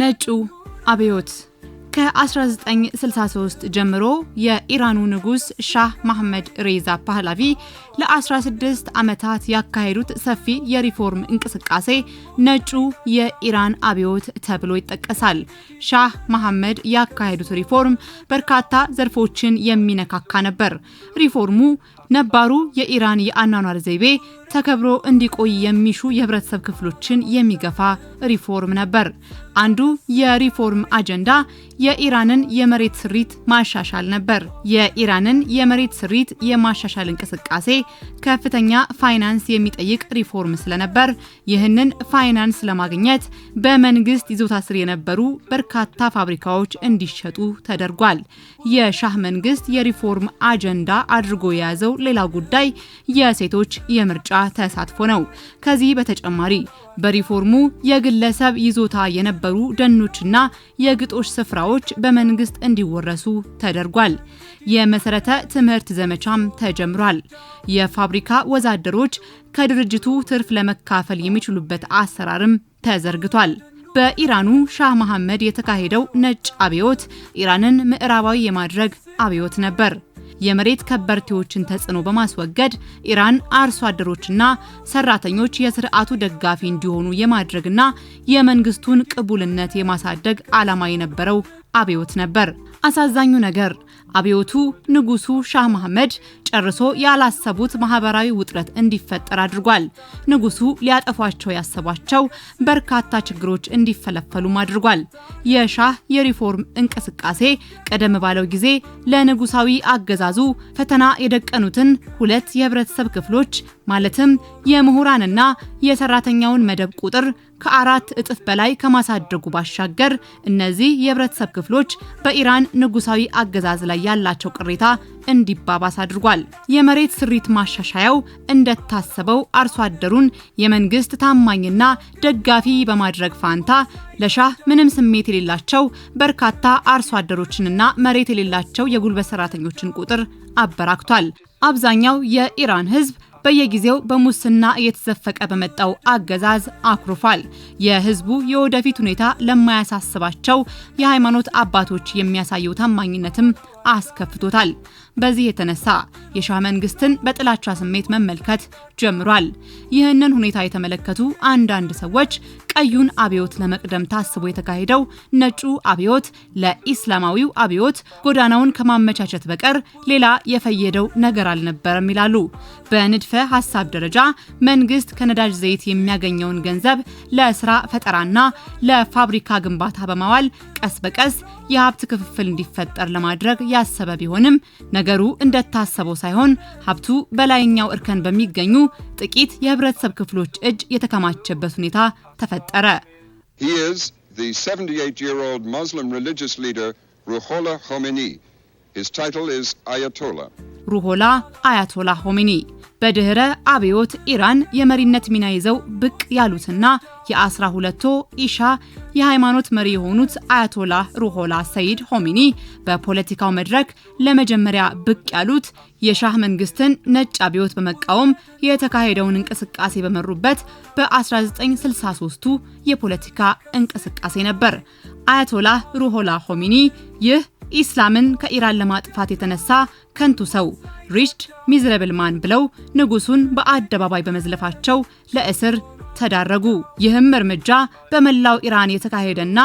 ነጩ አብዮት ከ1963 ጀምሮ የኢራኑ ንጉስ ሻህ መሐመድ ሬዛ ፓህላቪ ለ16 ዓመታት ያካሄዱት ሰፊ የሪፎርም እንቅስቃሴ ነጩ የኢራን አብዮት ተብሎ ይጠቀሳል። ሻህ መሐመድ ያካሄዱት ሪፎርም በርካታ ዘርፎችን የሚነካካ ነበር። ሪፎርሙ ነባሩ የኢራን የአኗኗር ዘይቤ ተከብሮ እንዲቆይ የሚሹ የህብረተሰብ ክፍሎችን የሚገፋ ሪፎርም ነበር። አንዱ የሪፎርም አጀንዳ የኢራንን የመሬት ስሪት ማሻሻል ነበር። የኢራንን የመሬት ስሪት የማሻሻል እንቅስቃሴ ከፍተኛ ፋይናንስ የሚጠይቅ ሪፎርም ስለነበር ይህንን ፋይናንስ ለማግኘት በመንግስት ይዞታ ስር የነበሩ በርካታ ፋብሪካዎች እንዲሸጡ ተደርጓል። የሻህ መንግስት የሪፎርም አጀንዳ አድርጎ የያዘው ሌላ ጉዳይ የሴቶች የምርጫ ተሳትፎ ነው። ከዚህ በተጨማሪ በሪፎርሙ የግለሰብ ይዞታ የነበሩ ደኖችና የግጦሽ ስፍራዎች በመንግስት እንዲወረሱ ተደርጓል። የመሰረተ ትምህርት ዘመቻም ተጀምሯል። የፋብሪካ ወዛደሮች ከድርጅቱ ትርፍ ለመካፈል የሚችሉበት አሰራርም ተዘርግቷል። በኢራኑ ሻህ መሐመድ የተካሄደው ነጭ አብዮት ኢራንን ምዕራባዊ የማድረግ አብዮት ነበር። የመሬት ከበርቴዎችን ተጽዕኖ በማስወገድ ኢራን አርሶ አደሮችና ሰራተኞች የስርዓቱ ደጋፊ እንዲሆኑ የማድረግና የመንግስቱን ቅቡልነት የማሳደግ ዓላማ የነበረው አብዮት ነበር። አሳዛኙ ነገር አብዮቱ ንጉሱ ሻህ መሐመድ ጨርሶ ያላሰቡት ማህበራዊ ውጥረት እንዲፈጠር አድርጓል። ንጉሱ ሊያጠፏቸው ያሰቧቸው በርካታ ችግሮች እንዲፈለፈሉም አድርጓል። የሻህ የሪፎርም እንቅስቃሴ ቀደም ባለው ጊዜ ለንጉሳዊ አገዛዙ ፈተና የደቀኑትን ሁለት የህብረተሰብ ክፍሎች ማለትም የምሁራንና የሰራተኛውን መደብ ቁጥር ከአራት እጥፍ በላይ ከማሳደጉ ባሻገር እነዚህ የህብረተሰብ ክፍሎች በኢራን ንጉሳዊ አገዛዝ ላይ ያላቸው ቅሬታ እንዲባባስ አድርጓል። የመሬት ስሪት ማሻሻያው እንደታሰበው አርሶ አደሩን የመንግስት ታማኝና ደጋፊ በማድረግ ፋንታ ለሻህ ምንም ስሜት የሌላቸው በርካታ አርሶ አደሮችንና መሬት የሌላቸው የጉልበት ሰራተኞችን ቁጥር አበራክቷል። አብዛኛው የኢራን ህዝብ በየጊዜው በሙስና እየተዘፈቀ በመጣው አገዛዝ አኩርፏል። የህዝቡ የወደፊት ሁኔታ ለማያሳስባቸው የሃይማኖት አባቶች የሚያሳየው ታማኝነትም አስከፍቶታል። በዚህ የተነሳ የሻ መንግስትን በጥላቻ ስሜት መመልከት ጀምሯል። ይህንን ሁኔታ የተመለከቱ አንዳንድ ሰዎች ቀዩን አብዮት ለመቅደም ታስቦ የተካሄደው ነጩ አብዮት ለኢስላማዊው አብዮት ጎዳናውን ከማመቻቸት በቀር ሌላ የፈየደው ነገር አልነበረም ይላሉ። በንድፈ ሀሳብ ደረጃ መንግስት ከነዳጅ ዘይት የሚያገኘውን ገንዘብ ለስራ ፈጠራና ለፋብሪካ ግንባታ በማዋል ቀስ በቀስ የሀብት ክፍፍል እንዲፈጠር ለማድረግ ያሰበ ቢሆንም ነገሩ እንደታሰበው ሳይሆን ሀብቱ በላይኛው እርከን በሚገኙ ጥቂት የህብረተሰብ ክፍሎች እጅ የተከማቸበት ሁኔታ ተፈ ተፈጠረ። ሩሆላ አያቶላ ሆሜኒ በድኅረ አብዮት ኢራን የመሪነት ሚና ይዘው ብቅ ያሉትና የአስራ ሁለቱ ኢሻ የሃይማኖት መሪ የሆኑት አያቶላህ ሩሆላ ሰይድ ሆሚኒ በፖለቲካው መድረክ ለመጀመሪያ ብቅ ያሉት የሻህ መንግስትን ነጭ አብዮት በመቃወም የተካሄደውን እንቅስቃሴ በመሩበት በ1963ቱ የፖለቲካ እንቅስቃሴ ነበር። አያቶላ ሩሆላ ሆሚኒ ይህ ኢስላምን ከኢራን ለማጥፋት የተነሳ ከንቱ ሰው ሪችድ ሚዝረብል ማን ብለው ንጉሱን በአደባባይ በመዝለፋቸው ለእስር ተዳረጉ። ይህም እርምጃ በመላው ኢራን የተካሄደና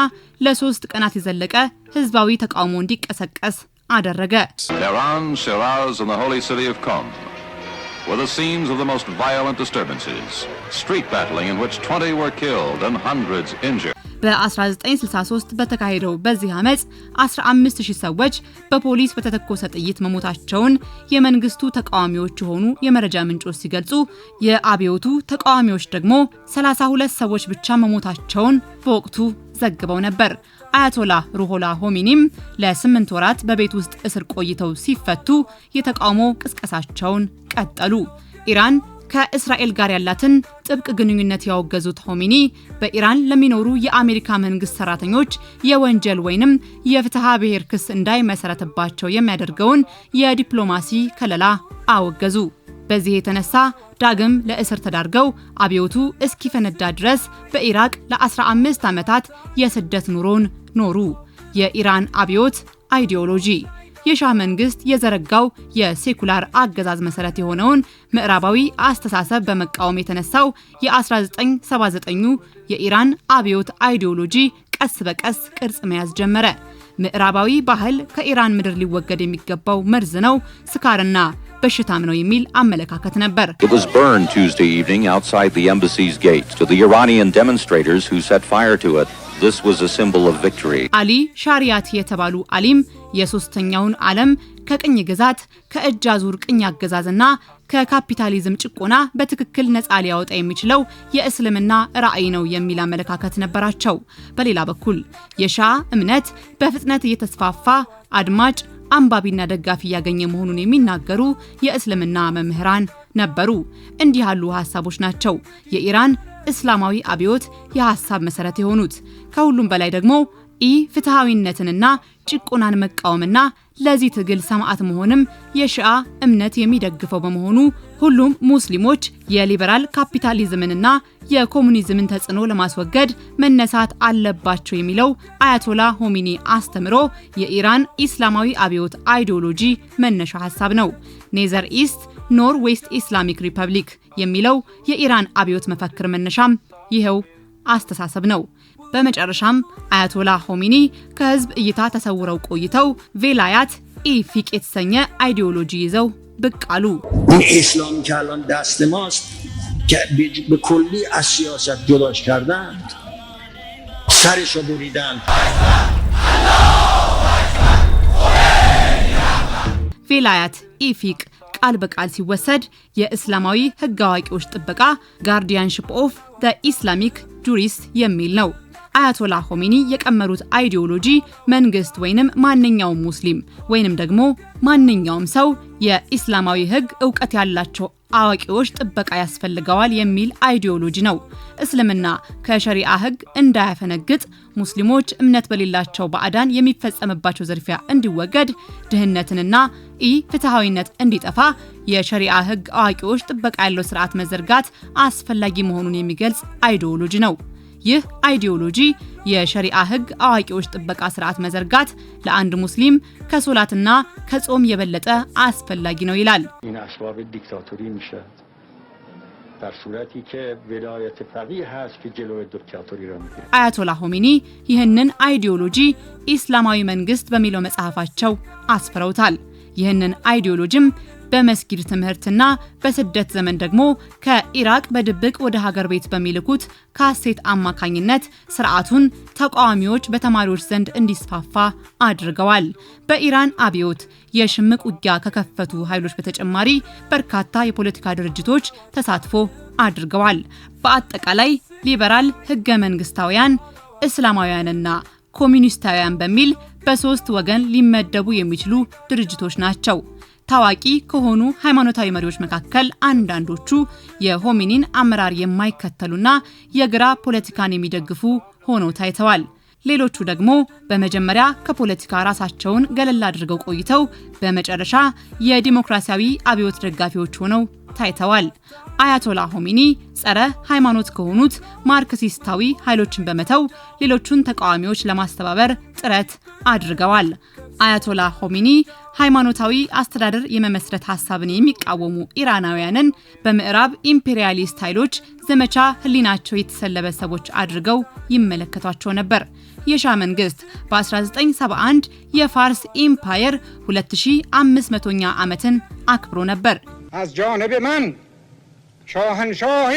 ለሶስት ቀናት የዘለቀ ህዝባዊ ተቃውሞ እንዲቀሰቀስ አደረገ። ኢራን በ1963 በተካሄደው በዚህ አመፅ 15000 ሰዎች በፖሊስ በተተኮሰ ጥይት መሞታቸውን የመንግስቱ ተቃዋሚዎች የሆኑ የመረጃ ምንጮች ሲገልጹ፣ የአብዮቱ ተቃዋሚዎች ደግሞ 32 ሰዎች ብቻ መሞታቸውን በወቅቱ ዘግበው ነበር። አያቶላ ሩሆላ ሆሚኒም ለስምንት ወራት በቤት ውስጥ እስር ቆይተው ሲፈቱ የተቃውሞ ቅስቀሳቸውን ቀጠሉ። ኢራን ከእስራኤል ጋር ያላትን ጥብቅ ግንኙነት ያወገዙት ሆሚኒ በኢራን ለሚኖሩ የአሜሪካ መንግስት ሰራተኞች የወንጀል ወይንም የፍትሐ ብሔር ክስ እንዳይመሰረትባቸው የሚያደርገውን የዲፕሎማሲ ከለላ አወገዙ። በዚህ የተነሳ ዳግም ለእስር ተዳርገው አብዮቱ እስኪፈነዳ ድረስ በኢራቅ ለ15 ዓመታት የስደት ኑሮን ኖሩ። የኢራን አብዮት አይዲዮሎጂ የሻህ መንግስት የዘረጋው የሴኩላር አገዛዝ መሰረት የሆነውን ምዕራባዊ አስተሳሰብ በመቃወም የተነሳው የ1979ኙ የኢራን አብዮት አይዲዮሎጂ ቀስ በቀስ ቅርጽ መያዝ ጀመረ። ምዕራባዊ ባህል ከኢራን ምድር ሊወገድ የሚገባው መርዝ ነው፣ ስካርና በሽታም ነው የሚል አመለካከት ነበር። አሊ ሻሪያት የተባሉ አሊም የሶስተኛውን ዓለም ከቅኝ ግዛት ከእጅ አዙር ቅኝ አገዛዝና ከካፒታሊዝም ጭቆና በትክክል ነፃ ሊያወጣ የሚችለው የእስልምና ራዕይ ነው የሚል አመለካከት ነበራቸው። በሌላ በኩል የሻ እምነት በፍጥነት እየተስፋፋ አድማጭ አንባቢና ደጋፊ እያገኘ መሆኑን የሚናገሩ የእስልምና መምህራን ነበሩ። እንዲህ ያሉ ሀሳቦች ናቸው የኢራን እስላማዊ አብዮት የሀሳብ መሰረት የሆኑት። ከሁሉም በላይ ደግሞ ኢ ፍትሐዊነትንና ጭቆናን መቃወምና ለዚህ ትግል ሰማዕት መሆንም የሺአ እምነት የሚደግፈው በመሆኑ ሁሉም ሙስሊሞች የሊበራል ካፒታሊዝምንና የኮሙኒዝምን ተጽዕኖ ለማስወገድ መነሳት አለባቸው የሚለው አያቶላ ሆሚኒ አስተምሮ የኢራን ኢስላማዊ አብዮት አይዲዮሎጂ መነሻ ሀሳብ ነው። ኔዘር ኢስት ኖር ዌስት ኢስላሚክ ሪፐብሊክ የሚለው የኢራን አብዮት መፈክር መነሻም ይኸው አስተሳሰብ ነው። በመጨረሻም አያቶላ ሆሚኒ ከህዝብ እይታ ተሰውረው ቆይተው ቬላያት ኢፊቅ የተሰኘ አይዲዮሎጂ ይዘው ብቅ አሉ። ኢስላም ካርዳን ሳሪሶ ቡሪዳን ቬላያት ኢፊቅ ቃል በቃል ሲወሰድ የእስላማዊ ህግ አዋቂዎች ጥበቃ ጋርዲያንሽፕ ኦፍ ዘ ኢስላሚክ ጁሪስት የሚል ነው። አያቶላ ሆሜኒ የቀመሩት አይዲዮሎጂ መንግስት ወይንም ማንኛውም ሙስሊም ወይንም ደግሞ ማንኛውም ሰው የኢስላማዊ ህግ እውቀት ያላቸው አዋቂዎች ጥበቃ ያስፈልገዋል የሚል አይዲዮሎጂ ነው። እስልምና ከሸሪዓ ህግ እንዳያፈነግጥ፣ ሙስሊሞች እምነት በሌላቸው ባዕዳን የሚፈጸምባቸው ዝርፊያ እንዲወገድ፣ ድህነትንና ኢ ፍትሐዊነት እንዲጠፋ የሸሪዓ ህግ አዋቂዎች ጥበቃ ያለው ስርዓት መዘርጋት አስፈላጊ መሆኑን የሚገልጽ አይዲዮሎጂ ነው። ይህ አይዲዮሎጂ የሸሪዓ ህግ አዋቂዎች ጥበቃ ስርዓት መዘርጋት ለአንድ ሙስሊም ከሶላትና ከጾም የበለጠ አስፈላጊ ነው ይላል። አያቶላ ሆሜኒ ይህንን አይዲዮሎጂ ኢስላማዊ መንግስት በሚለው መጽሐፋቸው አስፍረውታል። ይህንን አይዲዮሎጂም በመስጊድ ትምህርትና በስደት ዘመን ደግሞ ከኢራቅ በድብቅ ወደ ሀገር ቤት በሚልኩት ካሴት አማካኝነት ስርዓቱን ተቃዋሚዎች በተማሪዎች ዘንድ እንዲስፋፋ አድርገዋል። በኢራን አብዮት የሽምቅ ውጊያ ከከፈቱ ኃይሎች በተጨማሪ በርካታ የፖለቲካ ድርጅቶች ተሳትፎ አድርገዋል። በአጠቃላይ ሊበራል ህገ መንግስታውያን፣ እስላማውያንና ኮሚኒስታውያን በሚል በሶስት ወገን ሊመደቡ የሚችሉ ድርጅቶች ናቸው። ታዋቂ ከሆኑ ሃይማኖታዊ መሪዎች መካከል አንዳንዶቹ የሆሚኒን አመራር የማይከተሉና የግራ ፖለቲካን የሚደግፉ ሆነው ታይተዋል። ሌሎቹ ደግሞ በመጀመሪያ ከፖለቲካ ራሳቸውን ገለል አድርገው ቆይተው በመጨረሻ የዲሞክራሲያዊ አብዮት ደጋፊዎች ሆነው ታይተዋል። አያቶላ ሆሚኒ ጸረ ሃይማኖት ከሆኑት ማርክሲስታዊ ኃይሎችን በመተው ሌሎቹን ተቃዋሚዎች ለማስተባበር ጥረት አድርገዋል። አያቶላ ሆሚኒ ሃይማኖታዊ አስተዳደር የመመስረት ሀሳብን የሚቃወሙ ኢራናውያንን በምዕራብ ኢምፔሪያሊስት ኃይሎች ዘመቻ ህሊናቸው የተሰለበ ሰዎች አድርገው ይመለከቷቸው ነበር። የሻ መንግስት በ1971 የፋርስ ኢምፓየር 2500ኛ ዓመትን አክብሮ ነበር። از جانب من شاهنشاه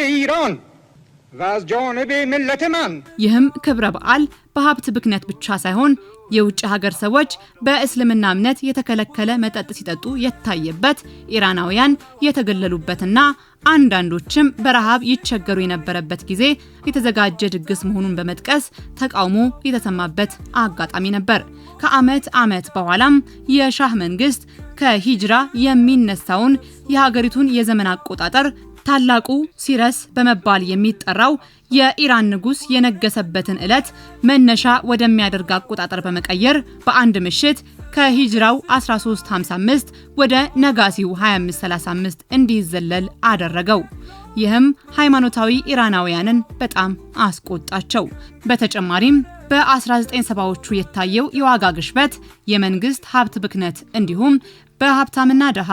ይህም ክብረ በዓል በሀብት ብክነት ብቻ ሳይሆን የውጭ ሀገር ሰዎች በእስልምና እምነት የተከለከለ መጠጥ ሲጠጡ የታየበት፣ ኢራናውያን የተገለሉበትና አንዳንዶችም በረሃብ ይቸገሩ የነበረበት ጊዜ የተዘጋጀ ድግስ መሆኑን በመጥቀስ ተቃውሞ የተሰማበት አጋጣሚ ነበር። ከዓመት ዓመት በኋላም የሻህ መንግስት ከሂጅራ የሚነሳውን የሀገሪቱን የዘመን አቆጣጠር ታላቁ ሲረስ በመባል የሚጠራው የኢራን ንጉስ የነገሰበትን ዕለት መነሻ ወደሚያደርግ አቆጣጠር በመቀየር በአንድ ምሽት ከሂጅራው 1355 ወደ ነጋሲው 2535 እንዲዘለል አደረገው። ይህም ሃይማኖታዊ ኢራናውያንን በጣም አስቆጣቸው። በተጨማሪም በ1970ዎቹ የታየው የዋጋ ግሽበት፣ የመንግስት ሀብት ብክነት እንዲሁም በሀብታምና ድሃ፣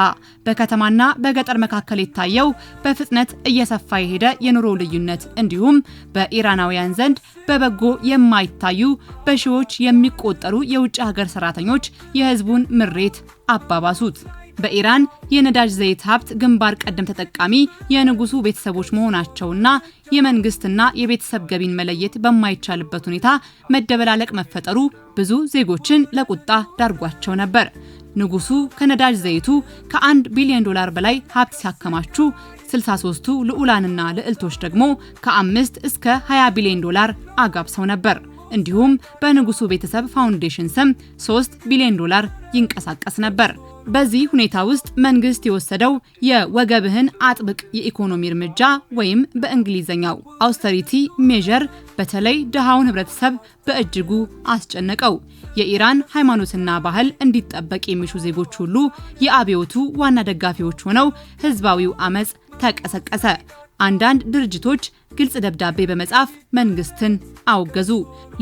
በከተማና በገጠር መካከል የታየው በፍጥነት እየሰፋ የሄደ የኑሮ ልዩነት እንዲሁም በኢራናውያን ዘንድ በበጎ የማይታዩ በሺዎች የሚቆጠሩ የውጭ ሀገር ሰራተኞች የህዝቡን ምሬት አባባሱት። በኢራን የነዳጅ ዘይት ሀብት ግንባር ቀደም ተጠቃሚ የንጉሱ ቤተሰቦች መሆናቸውና የመንግስትና የቤተሰብ ገቢን መለየት በማይቻልበት ሁኔታ መደበላለቅ መፈጠሩ ብዙ ዜጎችን ለቁጣ ዳርጓቸው ነበር። ንጉሱ ከነዳጅ ዘይቱ ከአንድ ቢሊዮን ዶላር በላይ ሀብት ሲያከማቹ 63ቱ ልዑላንና ልዕልቶች ደግሞ ከአምስት እስከ 20 ቢሊዮን ዶላር አጋብሰው ነበር። እንዲሁም በንጉሱ ቤተሰብ ፋውንዴሽን ስም 3 ቢሊዮን ዶላር ይንቀሳቀስ ነበር። በዚህ ሁኔታ ውስጥ መንግስት የወሰደው የወገብህን አጥብቅ የኢኮኖሚ እርምጃ ወይም በእንግሊዝኛው አውስተሪቲ ሜዥር በተለይ ድሃውን ህብረተሰብ በእጅጉ አስጨነቀው። የኢራን ሃይማኖትና ባህል እንዲጠበቅ የሚሹ ዜጎች ሁሉ የአብዮቱ ዋና ደጋፊዎች ሆነው ህዝባዊው አመጽ ተቀሰቀሰ። አንዳንድ ድርጅቶች ግልጽ ደብዳቤ በመጻፍ መንግስትን አውገዙ።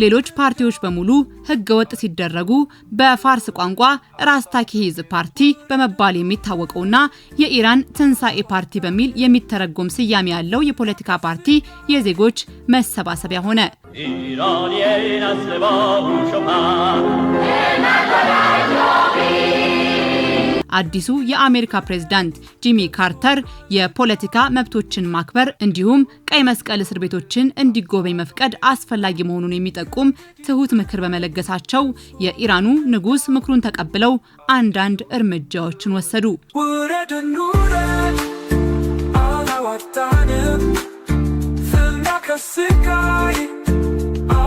ሌሎች ፓርቲዎች በሙሉ ህገወጥ ሲደረጉ በፋርስ ቋንቋ ራስ ታኪሂዝ ፓርቲ በመባል የሚታወቀውና የኢራን ትንሳኤ ፓርቲ በሚል የሚተረጎም ስያሜ ያለው የፖለቲካ ፓርቲ የዜጎች መሰባሰቢያ ሆነ። ኢራን አዲሱ የአሜሪካ ፕሬዝዳንት ጂሚ ካርተር የፖለቲካ መብቶችን ማክበር እንዲሁም ቀይ መስቀል እስር ቤቶችን እንዲጎበኝ መፍቀድ አስፈላጊ መሆኑን የሚጠቁም ትሁት ምክር በመለገሳቸው የኢራኑ ንጉሥ ምክሩን ተቀብለው አንዳንድ እርምጃዎችን ወሰዱ። ስካይ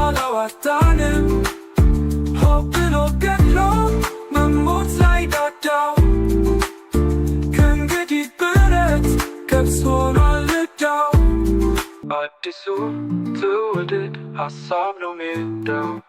አላዋጣንም ሆፕን Practice uttudet no middle.